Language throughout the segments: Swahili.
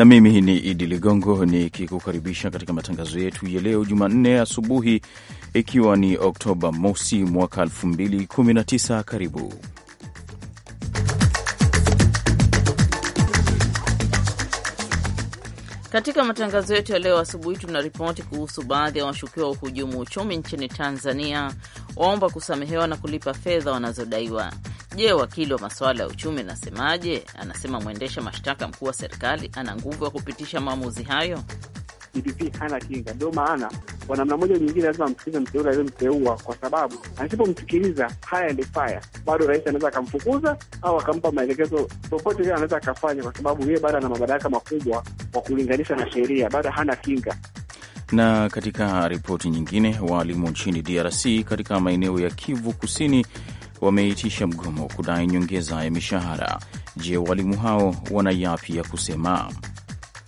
na mimi ni Idi Ligongo nikikukaribisha katika matangazo yetu ya leo Jumanne asubuhi, ikiwa ni Oktoba mosi mwaka 2019. Karibu Katika matangazo yetu ya leo asubuhi, tuna ripoti kuhusu baadhi ya washukiwa wa uhujumu uchumi nchini Tanzania waomba kusamehewa na kulipa fedha wanazodaiwa. Je, wakili wa masuala ya uchumi anasemaje? Anasema mwendesha mashtaka mkuu wa serikali ana nguvu ya kupitisha maamuzi hayo. DPP hana kinga, ndio maana kwa namna moja nyingine lazima amsikilize mteule aliyemteua, kwa sababu asipomsikiliza haya ndio faya, bado rais anaweza akamfukuza au akampa maelekezo popote vile anaweza akafanya, kwa sababu yeye bado ana madaraka makubwa kwa kulinganisha na sheria, bado hana kinga. Na katika ripoti nyingine, waalimu nchini DRC katika maeneo ya Kivu Kusini wameitisha mgomo kudai nyongeza ya mishahara. Je, waalimu hao wana yapi ya kusema?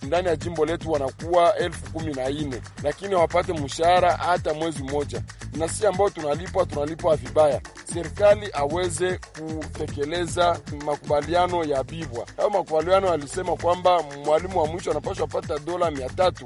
ndani ya jimbo letu wanakuwa elfu kumi na nne lakini hawapate mshahara hata mwezi mmoja, na sisi ambao tunalipwa tunalipwa vibaya. Serikali aweze kutekeleza makubaliano ya Bibwa. ayo makubaliano yalisema kwamba mwalimu wa mwisho anapashwa pata dola mia tatu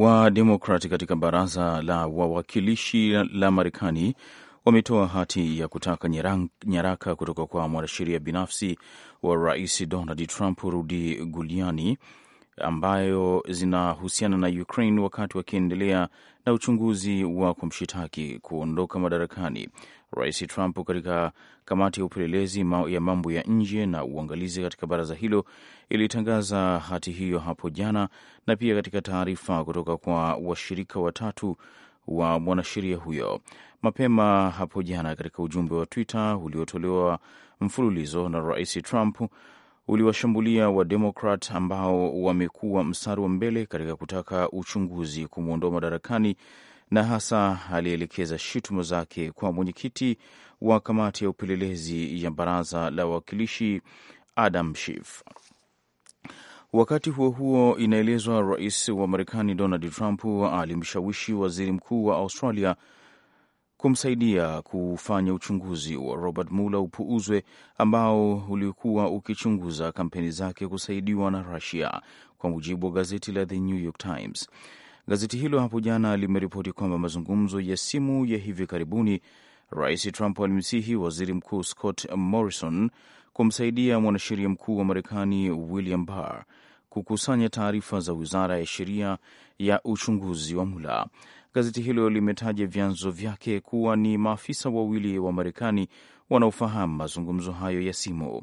wa Demokrat katika baraza la wawakilishi la Marekani wametoa hati ya kutaka nyaraka kutoka kwa mwanasheria binafsi wa rais Donald Trump Rudy Giuliani ambayo zinahusiana na Ukraine wakati wakiendelea na uchunguzi wa kumshitaki kuondoka madarakani Rais Trump katika kamati ya upelelezi ya mambo ya nje na uangalizi katika baraza hilo ilitangaza hati hiyo hapo jana, na pia katika taarifa kutoka kwa washirika watatu wa mwanasheria huyo mapema hapo jana. Katika ujumbe wa Twitter uliotolewa mfululizo na Rais Trump uliwashambulia Wademokrat ambao wamekuwa mstari wa mbele katika kutaka uchunguzi kumwondoa madarakani na hasa alielekeza shutuma zake kwa mwenyekiti wa kamati ya upelelezi ya baraza la wawakilishi Adam Schiff. Wakati huo huo, inaelezwa rais wa Marekani Donald Trump alimshawishi waziri mkuu wa Australia kumsaidia kufanya uchunguzi wa Robert Mueller upuuzwe, ambao ulikuwa ukichunguza kampeni zake kusaidiwa na Russia, kwa mujibu wa gazeti la The New York Times. Gazeti hilo hapo jana limeripoti kwamba mazungumzo ya simu ya hivi karibuni, Rais Trump alimsihi Waziri Mkuu Scott Morrison kumsaidia mwanasheria mkuu wa Marekani William Barr kukusanya taarifa za wizara ya sheria ya uchunguzi wa mula Gazeti hilo limetaja vyanzo vyake kuwa ni maafisa wawili wa Marekani wanaofahamu mazungumzo hayo ya simu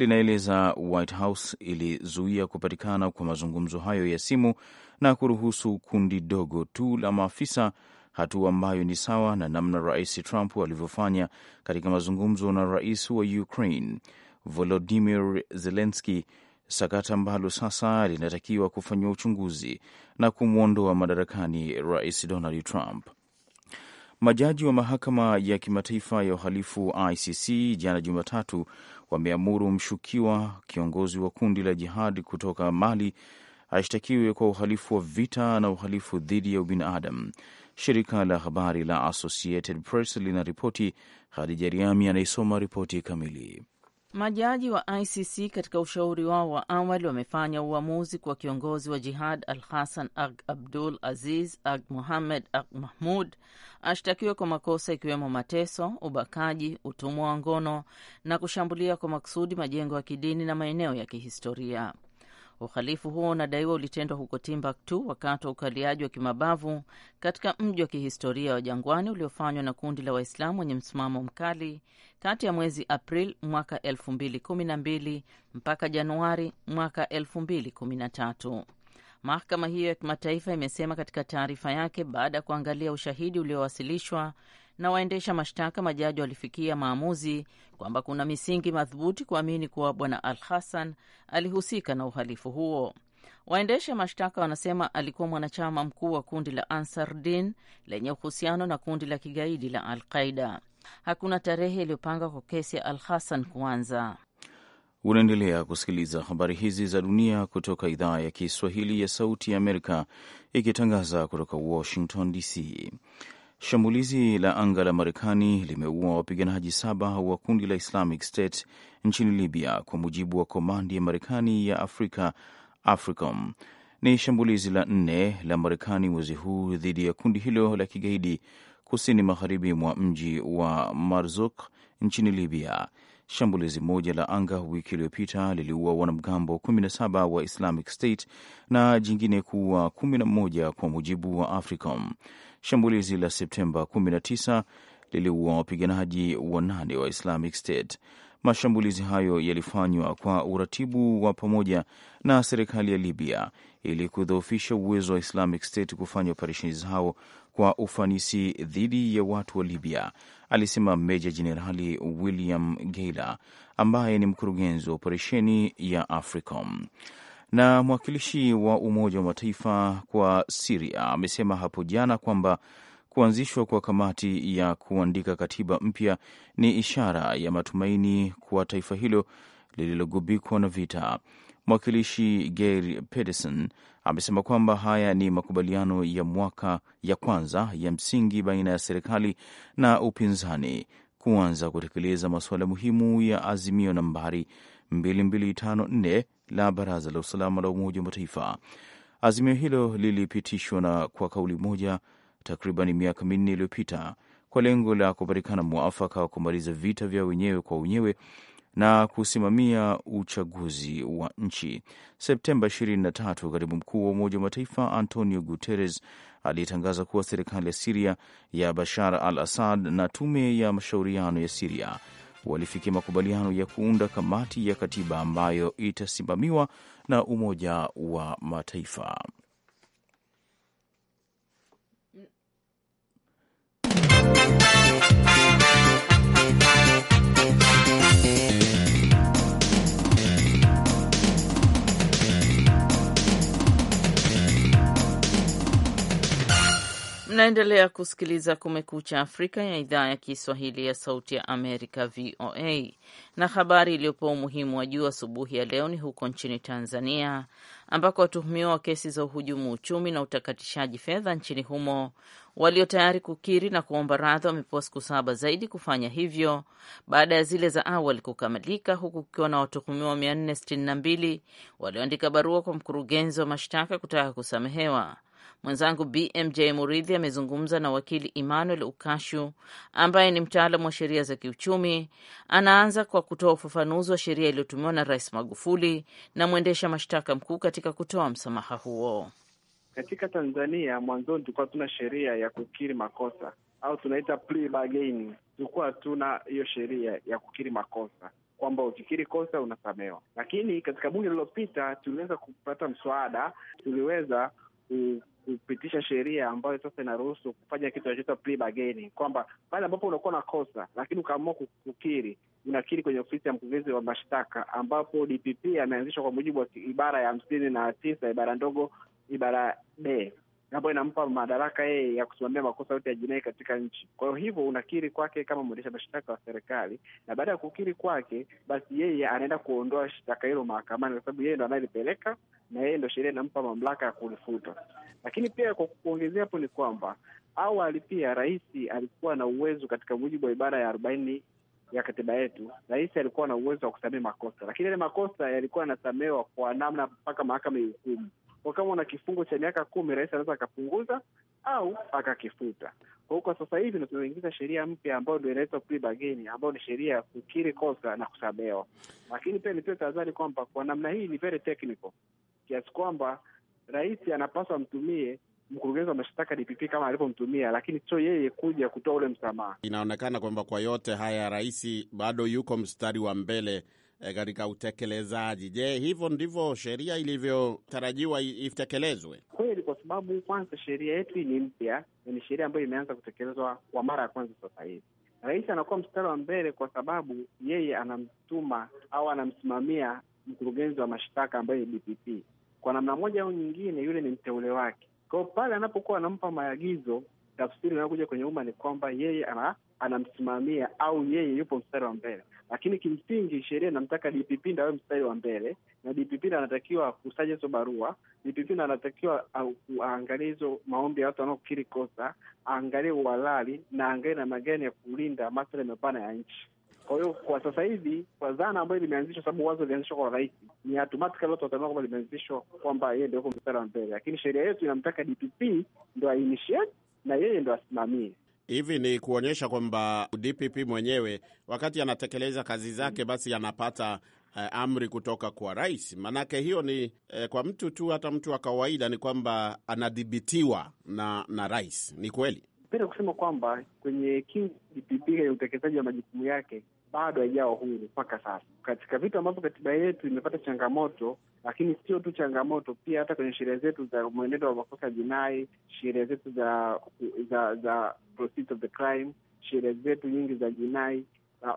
linaeleza White House ilizuia kupatikana kwa mazungumzo hayo ya simu na kuruhusu kundi dogo tu la maafisa, hatua ambayo ni sawa na namna Rais Trump alivyofanya katika mazungumzo na rais wa Ukraine volodimir zelenski sakata ambalo sasa linatakiwa kufanyiwa uchunguzi na kumwondoa madarakani Rais Donald Trump. Majaji wa mahakama ya kimataifa ya uhalifu ICC jana Jumatatu wameamuru mshukiwa kiongozi wa kundi la jihad kutoka Mali ashtakiwe kwa uhalifu wa vita na uhalifu dhidi ya ubinadamu. Shirika la habari la Associated Press linaripoti. Hadija Riami anayesoma ripoti kamili. Majaji wa ICC katika ushauri wao wa awali wamefanya uamuzi kwa kiongozi wa Jihad Al Hassan Ag Abdul Aziz Ag Muhamed Ag Mahmud ashtakiwe kwa makosa ikiwemo mateso, ubakaji, utumwa wa ngono na kushambulia kwa makusudi majengo ya kidini na maeneo ya kihistoria. Uhalifu huo unadaiwa ulitendwa huko Timbuktu wakati wa ukaliaji wa kimabavu katika mji wa kihistoria wa jangwani uliofanywa na kundi la Waislamu wenye msimamo mkali kati ya mwezi april mwaka 2012 mpaka Januari mwaka 2013. Mahakama hiyo ya kimataifa imesema katika taarifa yake, baada ya kuangalia ushahidi uliowasilishwa na waendesha mashtaka, majaji walifikia maamuzi kwamba kuna misingi madhubuti kuamini kuwa bwana Al Hassan alihusika na uhalifu huo. Waendesha mashtaka wanasema alikuwa mwanachama mkuu wa kundi la Ansar Din lenye uhusiano na kundi la kigaidi la Al Qaida. Hakuna tarehe iliyopangwa kwa kesi ya Al Hassan kuanza. Unaendelea kusikiliza habari hizi za dunia kutoka idhaa ya Kiswahili ya Sauti ya Amerika, ikitangaza kutoka Washington DC. Shambulizi la anga la Marekani limeua wapiganaji saba wa kundi la Islamic State nchini Libya, kwa mujibu wa komandi ya Marekani ya Afrika, AFRICOM. Ni shambulizi la nne la Marekani mwezi huu dhidi ya kundi hilo la kigaidi kusini magharibi mwa mji wa Marzuk nchini Libya. Shambulizi moja la anga wiki iliyopita liliua wanamgambo 17 wa Islamic State na jingine kuua 11 kwa mujibu wa AFRICOM. Shambulizi la Septemba 19 liliua wapiganaji wanane wa Islamic State. Mashambulizi hayo yalifanywa kwa uratibu wa pamoja na serikali ya Libya ili kudhoofisha uwezo wa Islamic State kufanya operesheni zao kwa ufanisi dhidi ya watu wa Libya, alisema Meja Jenerali William Geila ambaye ni mkurugenzi wa operesheni ya AFRICOM. Na mwakilishi wa Umoja wa Mataifa kwa Siria amesema hapo jana kwamba kuanzishwa kwa kamati ya kuandika katiba mpya ni ishara ya matumaini kwa taifa hilo lililogubikwa na vita. Mwakilishi Geir Pedersen amesema kwamba haya ni makubaliano ya mwaka ya kwanza ya msingi baina ya serikali na upinzani kuanza kutekeleza masuala muhimu ya azimio nambari 2254 la Baraza la Usalama la Umoja wa Mataifa. Azimio hilo lilipitishwa na kwa kauli moja takriban miaka minne iliyopita kwa lengo la kupatikana mwafaka wa kumaliza vita vya wenyewe kwa wenyewe na kusimamia uchaguzi wa nchi. Septemba 23, katibu mkuu wa Umoja wa Mataifa Antonio Guterres aliyetangaza kuwa serikali ya Siria ya Bashar al Assad na tume ya mashauriano ya Siria walifikia makubaliano ya kuunda kamati ya katiba ambayo itasimamiwa na Umoja wa Mataifa. Mnaendelea kusikiliza Kumekucha Afrika ya idhaa ya Kiswahili ya Sauti ya Amerika, VOA. Na habari iliyopewa umuhimu wa juu asubuhi ya leo ni huko nchini Tanzania, ambako watuhumiwa wa kesi za uhujumu uchumi na utakatishaji fedha nchini humo walio tayari kukiri na kuomba radhi wamepewa siku saba zaidi kufanya hivyo baada ya zile za awali kukamilika, huku kukiwa na watuhumiwa 462 walioandika barua kwa mkurugenzi wa mashtaka kutaka kusamehewa. Mwenzangu BMJ Muridhi amezungumza na wakili Emmanuel Ukashu ambaye ni mtaalamu wa sheria za kiuchumi. Anaanza kwa kutoa ufafanuzi wa sheria iliyotumiwa na Rais Magufuli na mwendesha mashtaka mkuu katika kutoa msamaha huo. Katika Tanzania mwanzoni tulikuwa tuna sheria ya kukiri makosa au tunaita plea Tulikuwa tuna hiyo sheria ya kukiri makosa kwamba ukikiri kosa unasamewa, lakini katika bunge lililopita tuliweza kupata mswada, tuliweza kupitisha sheria ambayo sasa inaruhusu kufanya kitu kinachoitwa plea bargaining, kwamba pale ambapo unakuwa na kosa lakini ukaamua kukiri, unakiri kwenye ofisi ya mkurugenzi wa mashtaka, ambapo DPP ameanzishwa kwa mujibu wa ibara ya hamsini na tisa ibara ndogo ibara b ambayo inampa madaraka yeye ya kusimamia makosa yote ya jinai katika nchi. Kwa hiyo hivyo unakiri kwake kama mwendesha mashtaka wa serikali, na baada ya kukiri kwake, basi yeye anaenda kuondoa shtaka hilo mahakamani, kwa sababu yeye ndo anayelipeleka na yeye ndo sheria inampa mamlaka ya kulifuta. Lakini pia kwa kuongezea hapo ni kwamba awali pia rais alikuwa na uwezo katika mujibu wa ibara ya arobaini ya katiba yetu, rais alikuwa na uwezo wa kusamehe makosa, lakini yale makosa yalikuwa yanasamehewa kwa namna mpaka mahakama ihukumu kwa kama na kifungo cha miaka kumi, rais anaweza akapunguza au akakifuta. Kwa hiyo kwa sasa hivi ndo tunaingiza sheria mpya ambayo ndo inaitwa plea ambayo ni sheria ya kukiri kosa na kusamehewa. Lakini pia nipewe tahadhari kwamba kwa namna hii ni very technical kiasi kwamba rais anapaswa amtumie mkurugenzi wa mashtaka DPP kama alivyomtumia, lakini sio yeye kuja kutoa ule msamaha. Inaonekana kwamba kwa yote haya rais bado yuko mstari wa mbele E, katika utekelezaji. Je, hivyo ndivyo sheria ilivyotarajiwa itekelezwe kweli? Kwa sababu kwanza sheria yetu hii ni mpya, ni sheria ambayo imeanza kutekelezwa kwa mara ya kwanza sasa hivi. Rais anakuwa mstari wa mbele kwa sababu yeye anamtuma au anamsimamia mkurugenzi wa mashtaka ambaye ni DPP. Kwa namna moja au nyingine, yule ni mteule wake. Kwa hiyo pale anapokuwa anampa maagizo, tafsiri inayokuja kwenye umma ni kwamba yeye ana, anamsimamia au yeye yupo mstari wa mbele lakini kimsingi sheria inamtaka DPP ndiye awe mstari wa mbele, na DPP ndiye anatakiwa akusaje hizo barua. DPP ndiye anatakiwa aangalie hizo maombi ya watu wanaokiri kosa, aangalie uhalali na aangalie namna gani ya kulinda maslahi mapana ya nchi. Kwa hiyo kwa sasa hivi, kwa dhana ambayo limeanzishwa, sababu wazo lilianzishwa kwa rais, ni automatically watu wataona kwamba limeanzishwa kwamba yeye ndio yuko mstari wa mbele, lakini sheria yetu inamtaka DPP ndo ainitiate na yeye ndo asimamie. Hivi ni kuonyesha kwamba DPP mwenyewe wakati anatekeleza kazi zake, basi anapata uh, amri kutoka kwa rais. Maanake hiyo ni uh, kwa mtu tu, hata mtu wa kawaida, ni kwamba anadhibitiwa na na rais. Ni kweli penda kusema kwamba kwenye DPP, ya utekelezaji wa majukumu yake bado haijawa huru mpaka sasa, katika vitu ambavyo katiba yetu imepata changamoto. Lakini sio tu changamoto, pia hata kwenye sheria zetu za mwenendo wa makosa jinai, sheria zetu za za za proceeds of the crime, sheria zetu nyingi za jinai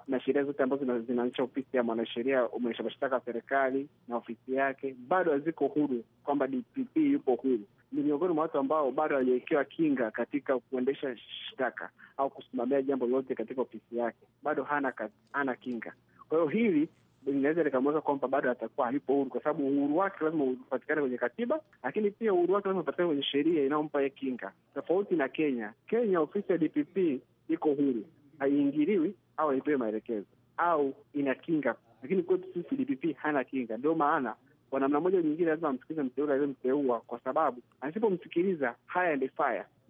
na, sheria zote ambazo zinaanzisha ofisi ya mwanasheria mwendesha mashtaka wa serikali na ofisi yake bado haziko huru, kwamba DPP yupo huru ni miongoni mwa watu ambao bado hawajawekewa kinga katika kuendesha shtaka au kusimamia jambo lolote katika ofisi yake, bado hana, hana kinga. Kwa hiyo hili linaweza likamweka kwamba bado atakuwa hayupo huru, kwa sababu uhuru wake lazima upatikane kwenye katiba, lakini pia uhuru wake lazima upatikane kwenye sheria inayompa kinga, tofauti na Kenya. Kenya ofisi ya DPP iko huru, haiingiliwi au haipewe maelekezo au ina kinga, lakini kwetu sisi DPP hana kinga, ndio maana kwa namna moja nyingine lazima amsikilize mteule aliyemteua, kwa sababu asipomsikiliza haya and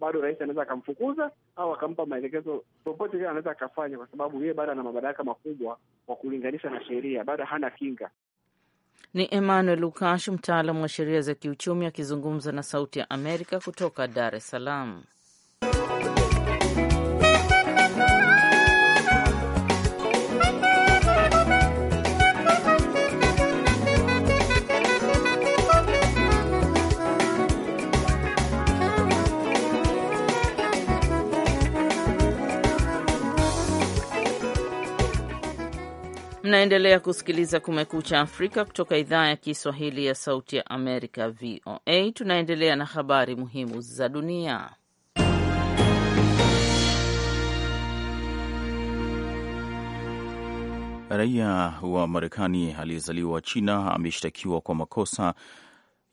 bado rais anaweza akamfukuza au akampa maelekezo popote ile anaweza akafanya, kwa sababu yeye bado ana madaraka makubwa kwa kulinganisha na sheria, bado hana kinga. Ni Emmanuel Lukash, mtaalamu wa sheria za kiuchumi akizungumza na Sauti ya Amerika kutoka Dar es Salaam. Mnaendelea kusikiliza Kumekucha Afrika kutoka idhaa ya Kiswahili ya Sauti ya Amerika, VOA. Tunaendelea na habari muhimu za dunia. Raia wa Marekani aliyezaliwa China ameshtakiwa kwa makosa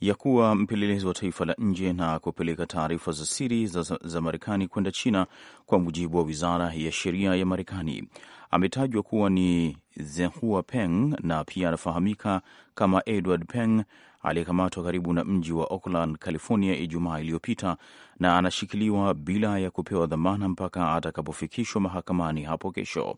ya kuwa mpelelezi wa taifa la nje na kupeleka taarifa za siri za, za Marekani kwenda China, kwa mujibu wa wizara ya sheria ya Marekani ametajwa kuwa ni Zhenhua Peng na pia anafahamika kama Edward Peng aliyekamatwa karibu na mji wa Oakland, California Ijumaa iliyopita na anashikiliwa bila ya kupewa dhamana mpaka atakapofikishwa mahakamani hapo kesho.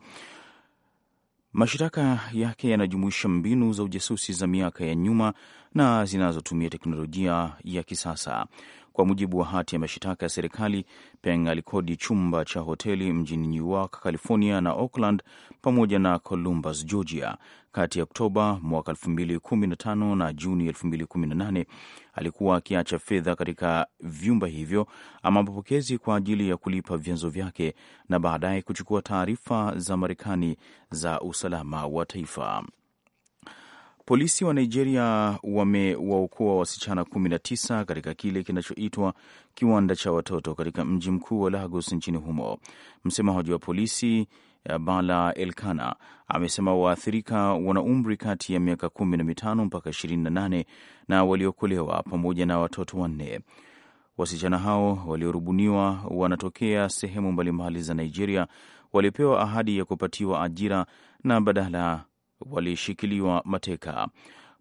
mashtaka yake yanajumuisha mbinu za ujasusi za miaka ya nyuma na zinazotumia teknolojia ya kisasa. Kwa mujibu wa hati ya mashitaka ya serikali, Peng alikodi chumba cha hoteli mjini Newark, California na Oakland pamoja na Columbus, Georgia. Kati ya Oktoba mwaka 2015 na Juni 2018 alikuwa akiacha fedha katika vyumba hivyo ama mapokezi kwa ajili ya kulipa vyanzo vyake na baadaye kuchukua taarifa za Marekani za usalama wa taifa. Polisi wa Nigeria wamewaokoa wasichana kumi na tisa katika kile kinachoitwa kiwanda cha watoto katika mji mkuu wa Lagos nchini humo. Msemaji wa polisi eh, Bala Elkana amesema waathirika wana umri kati ya miaka kumi na mitano mpaka ishirini na nane na waliokolewa pamoja na watoto wanne. Wasichana hao waliorubuniwa wanatokea sehemu mbalimbali za Nigeria, walipewa ahadi ya kupatiwa ajira na badala walishikiliwa mateka.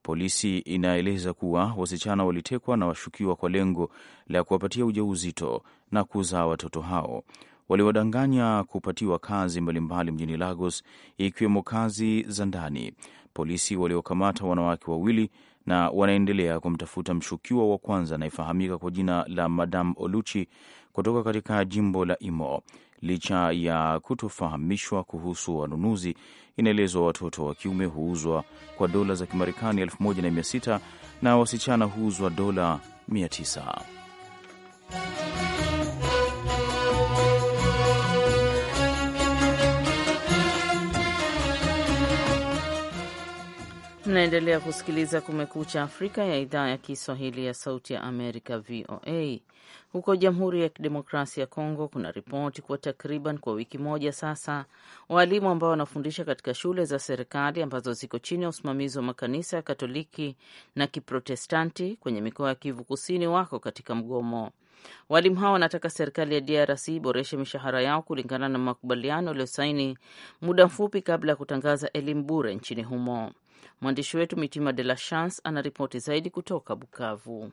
Polisi inaeleza kuwa wasichana walitekwa na washukiwa kwa lengo la kuwapatia ujauzito na kuzaa watoto hao. Waliwadanganya kupatiwa kazi mbalimbali mjini Lagos, ikiwemo kazi za ndani. Polisi waliokamata wanawake wawili na wanaendelea kumtafuta mshukiwa wa kwanza anayefahamika kwa jina la Madam Oluchi kutoka katika jimbo la Imo licha ya kutofahamishwa kuhusu wanunuzi. Inaelezwa watoto wa kiume huuzwa kwa dola za Kimarekani 1600 na wasichana huuzwa dola 900. Mnaendelea kusikiliza Kumekucha Afrika ya idhaa ya Kiswahili ya Sauti ya Amerika, VOA. Huko Jamhuri ya Kidemokrasia ya Kongo kuna ripoti kuwa takriban kwa wiki moja sasa, waalimu ambao wanafundisha katika shule za serikali ambazo ziko chini ya usimamizi wa makanisa ya Katoliki na Kiprotestanti kwenye mikoa ya Kivu Kusini wako katika mgomo. Walimu hao wanataka serikali ya DRC iboreshe mishahara yao kulingana na makubaliano yaliyosaini muda mfupi kabla ya kutangaza elimu bure nchini humo. Mwandishi wetu Mitima De La Chance anaripoti zaidi kutoka Bukavu.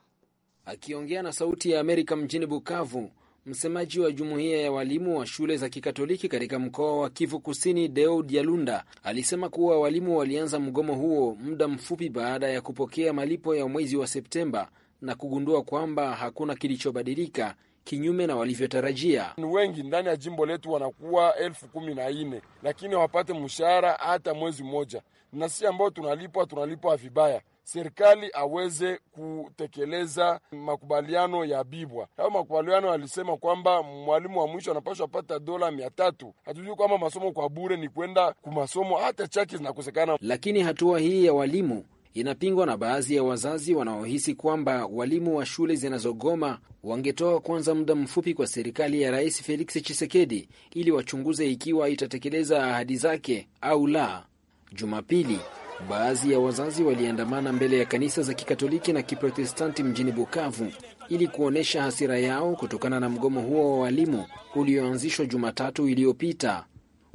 Akiongea na Sauti ya Amerika mjini Bukavu, msemaji wa jumuiya ya walimu wa shule za Kikatoliki katika mkoa wa Kivu Kusini, deud yalunda alisema kuwa walimu walianza mgomo huo muda mfupi baada ya kupokea malipo ya mwezi wa Septemba na kugundua kwamba hakuna kilichobadilika kinyume na walivyotarajia. Ni wengi ndani ya jimbo letu wanakuwa elfu kumi na nne lakini hawapate mshahara hata mwezi mmoja, na sisi ambao tunalipwa tunalipwa vibaya. Serikali aweze kutekeleza makubaliano ya Bibwa. Hayo makubaliano alisema kwamba mwalimu wa mwisho anapashwa pata dola mia tatu. Hatujui kwamba masomo kwa bure ni kwenda kumasomo, hata chaki zinakosekana. Lakini hatua hii ya walimu inapingwa na baadhi ya wazazi wanaohisi kwamba walimu wa shule zinazogoma wangetoa kwanza muda mfupi kwa serikali ya Rais Felix Tshisekedi ili wachunguze ikiwa itatekeleza ahadi zake au la. Jumapili, baadhi ya wazazi waliandamana mbele ya kanisa za Kikatoliki na Kiprotestanti mjini Bukavu ili kuonyesha hasira yao kutokana na mgomo huo wa walimu ulioanzishwa Jumatatu iliyopita.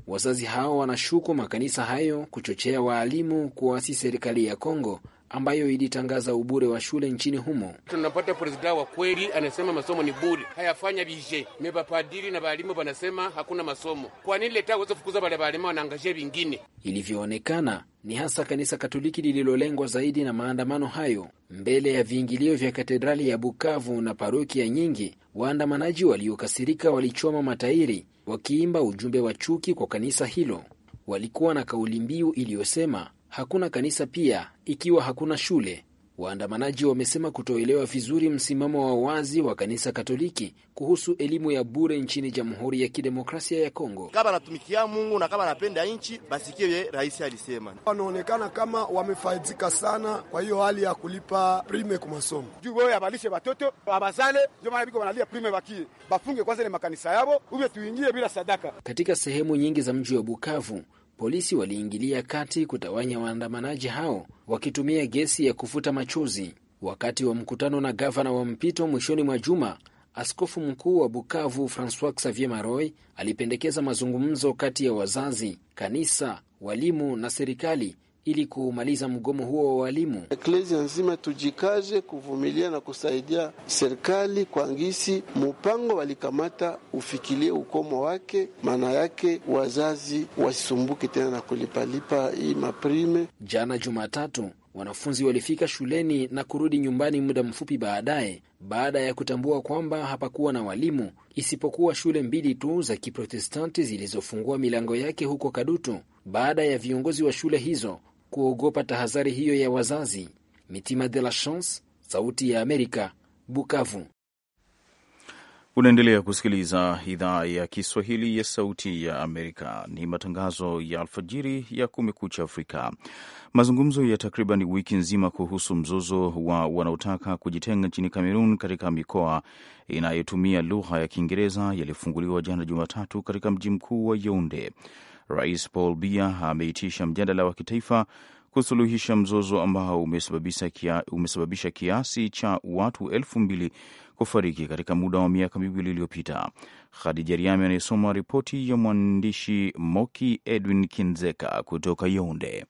Wazazi hao wanashuku makanisa hayo kuchochea waalimu kuwaasi serikali ya Kongo ambayo ilitangaza ubure wa shule nchini humo. Tunapata prezida wa kweli anasema masomo ni bure, hayafanya bije mebapadiri na balimu banasema hakuna masomo. Kwa nini leta aweze kufukuza bale balimu wanaangazia vingine? Ilivyoonekana ni hasa kanisa Katoliki lililolengwa zaidi na maandamano hayo. Mbele ya viingilio vya katedrali ya Bukavu na parokia nyingi, waandamanaji waliokasirika walichoma matairi wakiimba ujumbe wa chuki kwa kanisa hilo. Walikuwa na kauli mbiu iliyosema hakuna kanisa pia ikiwa hakuna shule. Waandamanaji wamesema kutoelewa vizuri msimamo wa wazi wa kanisa Katoliki kuhusu elimu ya bure nchini Jamhuri ya Kidemokrasia ya Kongo. Kama anatumikia Mungu na kama anapenda nchi, basi kiwe rais alisema. Wanaonekana kama wamefaidika sana kwa hiyo hali ya kulipa prime kwa masomo juu wewe avalishe watoto abazale, ndio maana biko wanalia prime, wakie bafunge kwanza ni makanisa yavo uwe tuingie bila sadaka. Katika sehemu nyingi za mji wa Bukavu polisi waliingilia kati kutawanya waandamanaji hao wakitumia gesi ya kufuta machozi. Wakati wa mkutano na gavana wa mpito mwishoni mwa juma, askofu mkuu wa Bukavu Francois Xavier Maroy alipendekeza mazungumzo kati ya wazazi, kanisa, walimu na serikali ili kumaliza mgomo huo wa walimu. Eklezia nzima tujikaze kuvumilia na kusaidia serikali kwa ngisi mupango walikamata ufikilie ukomo wake, maana yake wazazi wasisumbuke tena na kulipalipa hii maprime. Jana Jumatatu wanafunzi walifika shuleni na kurudi nyumbani muda mfupi baadaye, baada ya kutambua kwamba hapakuwa na walimu isipokuwa shule mbili tu za Kiprotestanti zilizofungua milango yake huko Kadutu, baada ya viongozi wa shule hizo kuogopa tahadhari hiyo ya wazazi. Mitima de la Chance, Sauti ya Amerika, Bukavu. Unaendelea kusikiliza idhaa ya Kiswahili ya Sauti ya Amerika. Ni matangazo ya alfajiri ya Kumekucha Afrika. Mazungumzo ya takriban wiki nzima kuhusu mzozo wa wanaotaka kujitenga nchini Kamerun katika mikoa inayotumia lugha ya Kiingereza yalifunguliwa jana Jumatatu katika mji mkuu wa Yaunde. Rais Paul Biya ameitisha mjadala wa kitaifa kusuluhisha mzozo ambao umesababisha, kia, umesababisha kiasi cha watu elfu mbili kufariki katika muda wa miaka miwili iliyopita. Khadija Riami anayesoma ripoti ya mwandishi Moki Edwin Kinzeka kutoka Yaunde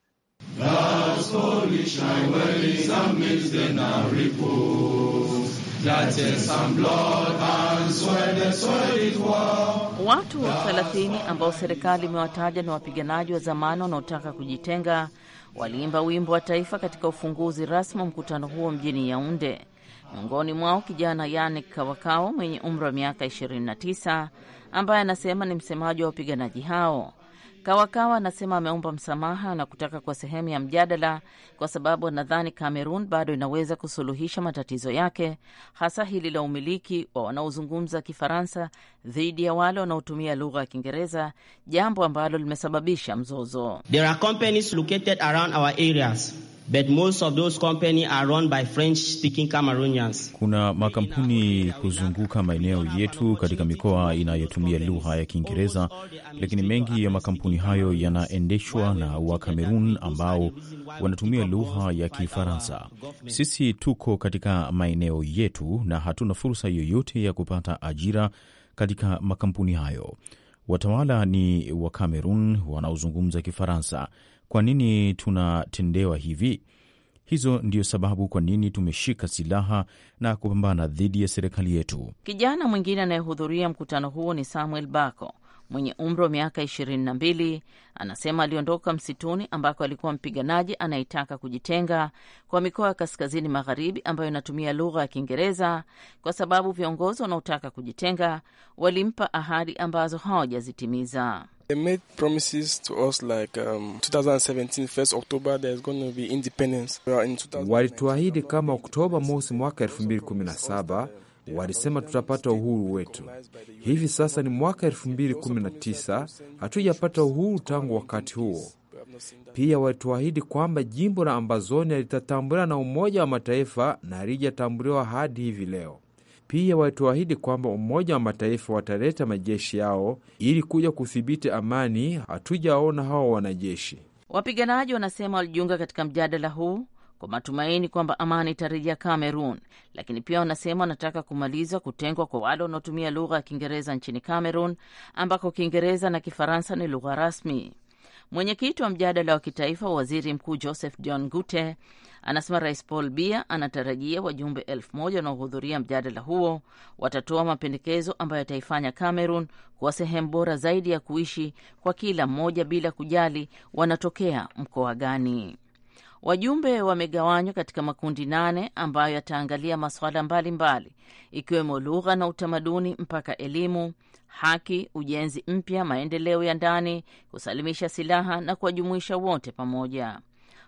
watu wa thelathini ambao serikali imewataja na wapiganaji wa zamani wanaotaka kujitenga waliimba wimbo wa taifa katika ufunguzi rasmi wa mkutano huo mjini Yaunde. Miongoni mwao kijana Yanik Kawakao mwenye umri wa miaka 29 ambaye anasema ni msemaji wa wapiganaji hao. Kawakawa anasema ameomba msamaha na kutaka kwa sehemu ya mjadala, kwa sababu anadhani Kamerun bado inaweza kusuluhisha matatizo yake, hasa hili la umiliki wa wanaozungumza Kifaransa dhidi ya wale wanaotumia lugha ya Kiingereza, jambo ambalo limesababisha mzozo. There are companies located around our areas But most of those are run by French speaking Cameroonians. Kuna makampuni kuzunguka maeneo yetu katika mikoa inayotumia lugha ya Kiingereza, lakini mengi ya makampuni hayo yanaendeshwa na Wakamerun ambao wanatumia lugha ya Kifaransa. Sisi tuko katika maeneo yetu na hatuna fursa yoyote ya kupata ajira katika makampuni hayo. Watawala ni wacameron wanaozungumza Kifaransa. Kwa nini tunatendewa hivi? Hizo ndio sababu kwa nini tumeshika silaha na kupambana dhidi ya serikali yetu. Kijana mwingine anayehudhuria mkutano huo ni Samuel Bako mwenye umri wa miaka ishirini na mbili anasema aliondoka msituni ambako alikuwa mpiganaji anayetaka kujitenga kwa mikoa ya kaskazini magharibi ambayo inatumia lugha ya Kiingereza kwa sababu viongozi wanaotaka kujitenga walimpa ahadi ambazo hawajazitimiza. They made promises to us like um, 2017 first October there's going to be independence. We are in 2019. Walituahidi kama Oktoba mosi mwaka 2017 walisema tutapata uhuru wetu. Hivi sasa ni mwaka 2019, hatujapata uhuru tangu wakati huo. Pia walituahidi kwamba jimbo la Ambazonia litatambuliwa na Umoja wa Mataifa na halijatambuliwa hadi hivi leo. Pia walituahidi kwamba Umoja wa Mataifa wataleta majeshi yao ili kuja kudhibiti amani. Hatujaona hao wanajeshi. Wapiganaji wanasema walijiunga katika mjadala huu kwa matumaini kwamba amani itarejea Kamerun, lakini pia wanasema wanataka kumaliza kutengwa kwa wale wanaotumia lugha ya Kiingereza nchini Kamerun, ambako Kiingereza na Kifaransa ni lugha rasmi. Mwenyekiti wa mjadala wa kitaifa wa waziri mkuu Joseph john Gute anasema Rais Paul Bia anatarajia wajumbe elfu moja wanaohudhuria mjadala huo watatoa mapendekezo ambayo yataifanya Cameroon kuwa sehemu bora zaidi ya kuishi kwa kila mmoja bila kujali wanatokea mkoa gani. Wajumbe wamegawanywa katika makundi nane ambayo yataangalia masuala mbalimbali ikiwemo lugha na utamaduni mpaka elimu, haki, ujenzi mpya, maendeleo ya ndani, kusalimisha silaha na kuwajumuisha wote pamoja.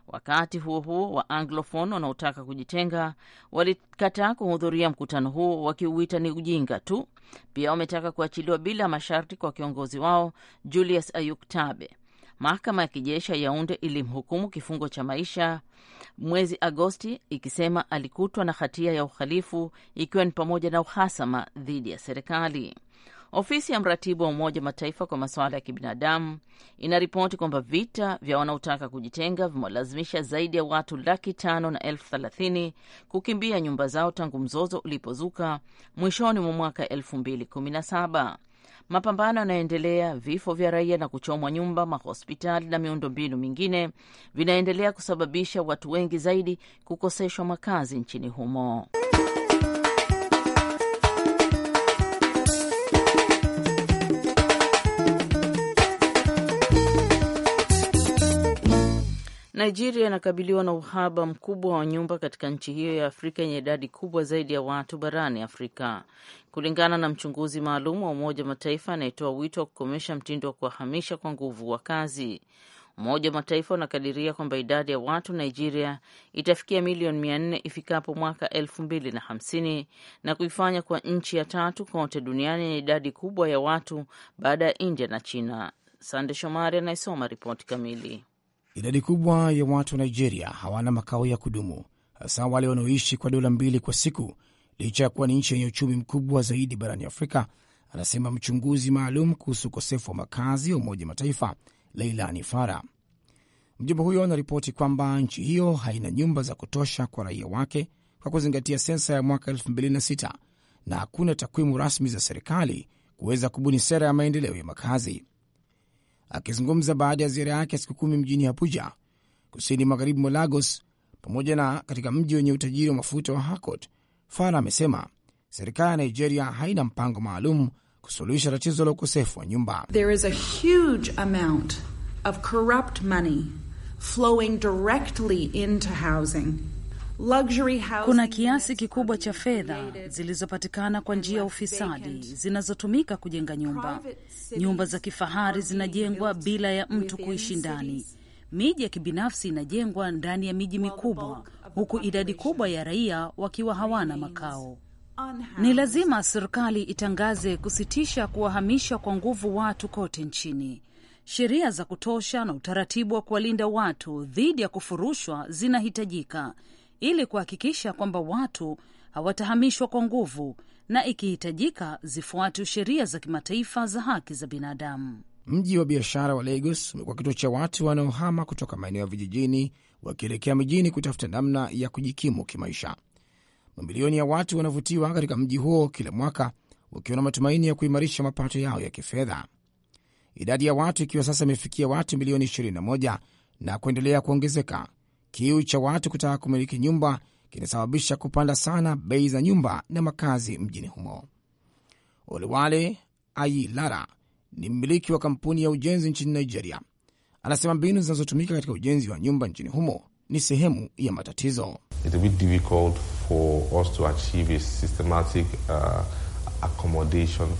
Wakati huo huo, wa Anglofon wanaotaka kujitenga walikataa kuhudhuria mkutano huo wakiuita ni ujinga tu. Pia wametaka kuachiliwa bila masharti kwa kiongozi wao Julius Ayuktabe. Mahakama ya kijeshi ya Yaunde ilimhukumu kifungo cha maisha mwezi Agosti, ikisema alikutwa na hatia ya uhalifu ikiwa ni pamoja na uhasama dhidi ya serikali. Ofisi ya mratibu wa Umoja Mataifa kwa masuala ya kibinadamu inaripoti kwamba vita vya wanaotaka kujitenga vimewalazimisha zaidi ya watu laki tano na elfu thelathini kukimbia nyumba zao tangu mzozo ulipozuka mwishoni mwa mwaka elfu mbili kumi na saba. Mapambano yanaendelea, vifo vya raia na kuchomwa nyumba, mahospitali na miundombinu mingine vinaendelea kusababisha watu wengi zaidi kukoseshwa makazi nchini humo. Nigeria inakabiliwa na uhaba mkubwa wa nyumba katika nchi hiyo ya Afrika yenye idadi kubwa zaidi ya watu barani Afrika. Kulingana na mchunguzi maalum wa Umoja wa Mataifa anayetoa wito wa kukomesha mtindo wa kuwahamisha kwa nguvu wakazi, Umoja wa Mataifa unakadiria kwamba idadi ya watu Nigeria itafikia milioni mia nne ifikapo mwaka elfu mbili na hamsini na kuifanya kwa nchi ya tatu kote duniani yenye idadi kubwa ya watu baada ya India na China. Sande Shomari anayesoma ripoti kamili. Idadi kubwa ya watu wa Nigeria hawana makao ya kudumu, hasa wale wanaoishi kwa dola mbili kwa siku, licha ya kuwa ni nchi yenye uchumi mkubwa zaidi barani Afrika, anasema mchunguzi maalum kuhusu ukosefu wa makazi wa Umoja Mataifa Leilani Fara. Mjumbe huyo anaripoti kwamba nchi hiyo haina nyumba za kutosha kwa raia wake kwa kuzingatia sensa ya mwaka 2006 na hakuna takwimu rasmi za serikali kuweza kubuni sera ya maendeleo ya makazi. akizungumza baada ya ziara yake ya siku kumi mjini Abuja, kusini magharibi mwa Lagos, pamoja na katika mji wenye utajiri wa mafuta wa amesema serikali ya Nigeria haina mpango maalum kusuluhisha tatizo la ukosefu wa nyumba. There is a huge amount of corrupt money flowing directly into housing Kuna kiasi kikubwa cha fedha zilizopatikana kwa njia ya ufisadi zinazotumika kujenga nyumba. Nyumba za kifahari zinajengwa bila ya mtu kuishi ndani. Miji ya kibinafsi inajengwa ndani ya miji mikubwa, huku idadi kubwa ya raia wakiwa hawana makao. Ni lazima serikali itangaze kusitisha kuwahamisha kwa nguvu watu kote nchini. Sheria za kutosha na utaratibu wa kuwalinda watu dhidi ya kufurushwa zinahitajika ili kuhakikisha kwamba watu hawatahamishwa kwa nguvu na ikihitajika zifuate sheria za kimataifa za haki za binadamu. Mji wa biashara wa Lagos umekuwa kituo cha watu wanaohama kutoka maeneo ya vijijini wakielekea mijini kutafuta namna ya kujikimu kimaisha. Mamilioni ya watu wanavutiwa katika mji huo kila mwaka wakiwa na matumaini ya kuimarisha mapato yao ya kifedha, idadi ya watu ikiwa sasa imefikia watu milioni 21 na kuendelea kuongezeka Kiu cha watu kutaka kumiliki nyumba kinasababisha kupanda sana bei za nyumba na makazi mjini humo. Olewale Ayilara ni mmiliki wa kampuni ya ujenzi nchini Nigeria. Anasema mbinu zinazotumika katika ujenzi wa nyumba nchini humo ni sehemu ya matatizo.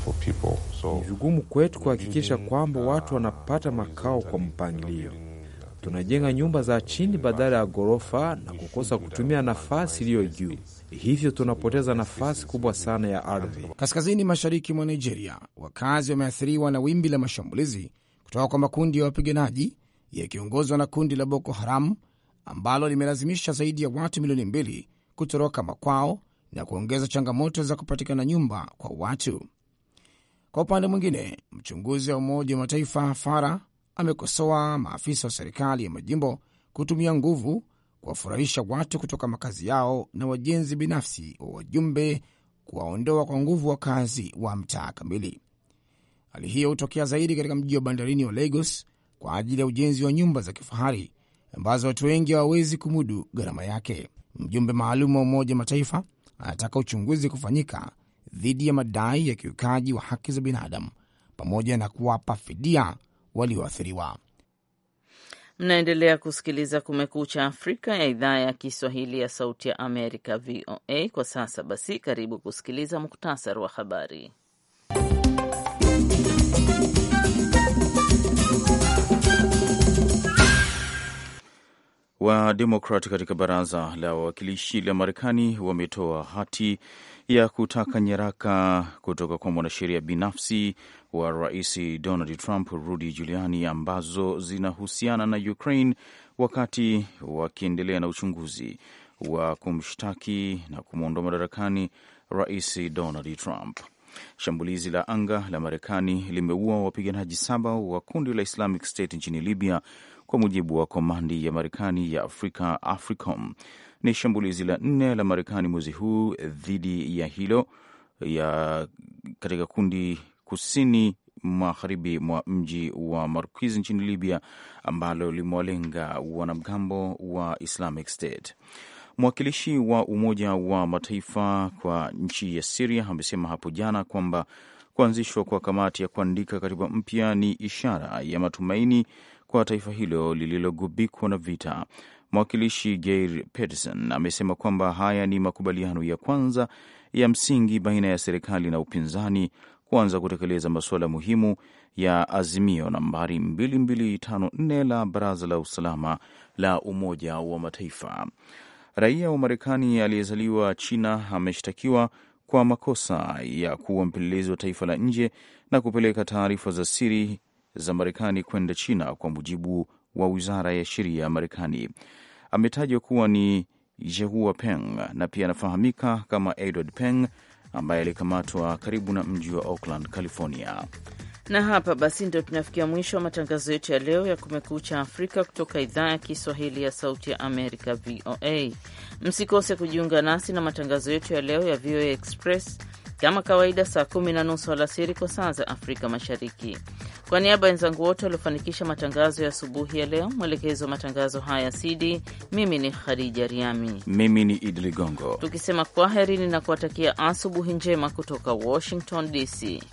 Uh, ni vigumu kwetu kuhakikisha kwamba uh, watu wanapata makao kwa mpangilio Tunajenga nyumba za chini badala ya ghorofa na kukosa kutumia nafasi iliyo juu, hivyo tunapoteza nafasi kubwa sana ya ardhi. Kaskazini mashariki mwa Nigeria, wakazi wameathiriwa na wimbi la mashambulizi kutoka kwa makundi ya wapiganaji yakiongozwa na kundi la Boko Haram ambalo limelazimisha zaidi ya watu milioni mbili kutoroka makwao na kuongeza changamoto za kupatikana nyumba kwa watu. Kwa upande mwingine, mchunguzi wa Umoja wa Mataifa fara amekosoa maafisa wa serikali ya majimbo kutumia nguvu kuwafurahisha watu kutoka makazi yao na wajenzi binafsi wa wajumbe kuwaondoa kwa nguvu wakazi wa mtaa kamili. Hali hiyo hutokea zaidi katika mji wa bandarini wa Lagos kwa ajili ya ujenzi wa nyumba za kifahari ambazo watu wengi hawawezi kumudu gharama yake. Mjumbe maalum wa Umoja Mataifa anataka uchunguzi kufanyika dhidi ya madai ya kiukaji wa haki za binadamu pamoja na kuwapa fidia walioathiriwa. Mnaendelea kusikiliza Kumekucha Afrika ya idhaa ya Kiswahili ya Sauti ya Amerika, VOA. Kwa sasa basi, karibu kusikiliza muktasari wa habari. wa Demokrat katika baraza la wawakilishi la Marekani wametoa hati ya kutaka nyaraka kutoka kwa mwanasheria binafsi wa rais Donald Trump, Rudy Giuliani, ambazo zinahusiana na Ukraine wakati wakiendelea na uchunguzi wa kumshtaki na kumwondoa madarakani rais Donald Trump. Shambulizi la anga la Marekani limeua wapiganaji saba wa kundi la Islamic State nchini Libya kwa mujibu wa komandi ya Marekani ya Afrika, AFRICOM. Ni shambulizi la nne la Marekani mwezi huu dhidi ya hilo ya katika kundi kusini magharibi mwa mji wa Marquis nchini Libya, ambalo limewalenga wanamgambo wa Islamic State. Mwakilishi wa Umoja wa Mataifa kwa nchi ya Siria amesema hapo jana kwamba kuanzishwa kwa kamati ya kuandika katiba mpya ni ishara ya matumaini kwa taifa hilo lililogubikwa na vita. Mwakilishi Geir Pedersen amesema kwamba haya ni makubaliano ya kwanza ya msingi baina ya serikali na upinzani kuanza kutekeleza masuala muhimu ya azimio nambari 2254 la Baraza la Usalama la Umoja wa Mataifa. Raia wa Marekani aliyezaliwa China ameshtakiwa kwa makosa ya kuwa mpelelezi wa taifa la nje na kupeleka taarifa za siri za Marekani kwenda China, kwa mujibu wa wizara ya sheria ya Marekani. Ametajwa kuwa ni Jehua Peng na pia anafahamika kama Edward Peng ambaye alikamatwa karibu na mji wa Oakland, California. Na hapa basi ndio tunafikia mwisho wa matangazo yetu ya leo ya Kumekucha Afrika kutoka idhaa ya Kiswahili ya Sauti ya Amerika, VOA. Msikose kujiunga nasi na matangazo yetu ya leo ya VOA Express kama kawaida saa kumi na nusu alasiri kwa saa za Afrika Mashariki. Kwa niaba ya wenzangu wote waliofanikisha matangazo ya asubuhi ya leo, mwelekezi wa matangazo haya CD, mimi ni Khadija Riami, mimi ni Idi Ligongo, tukisema kwaherini na kuwatakia asubuhi njema kutoka Washington DC.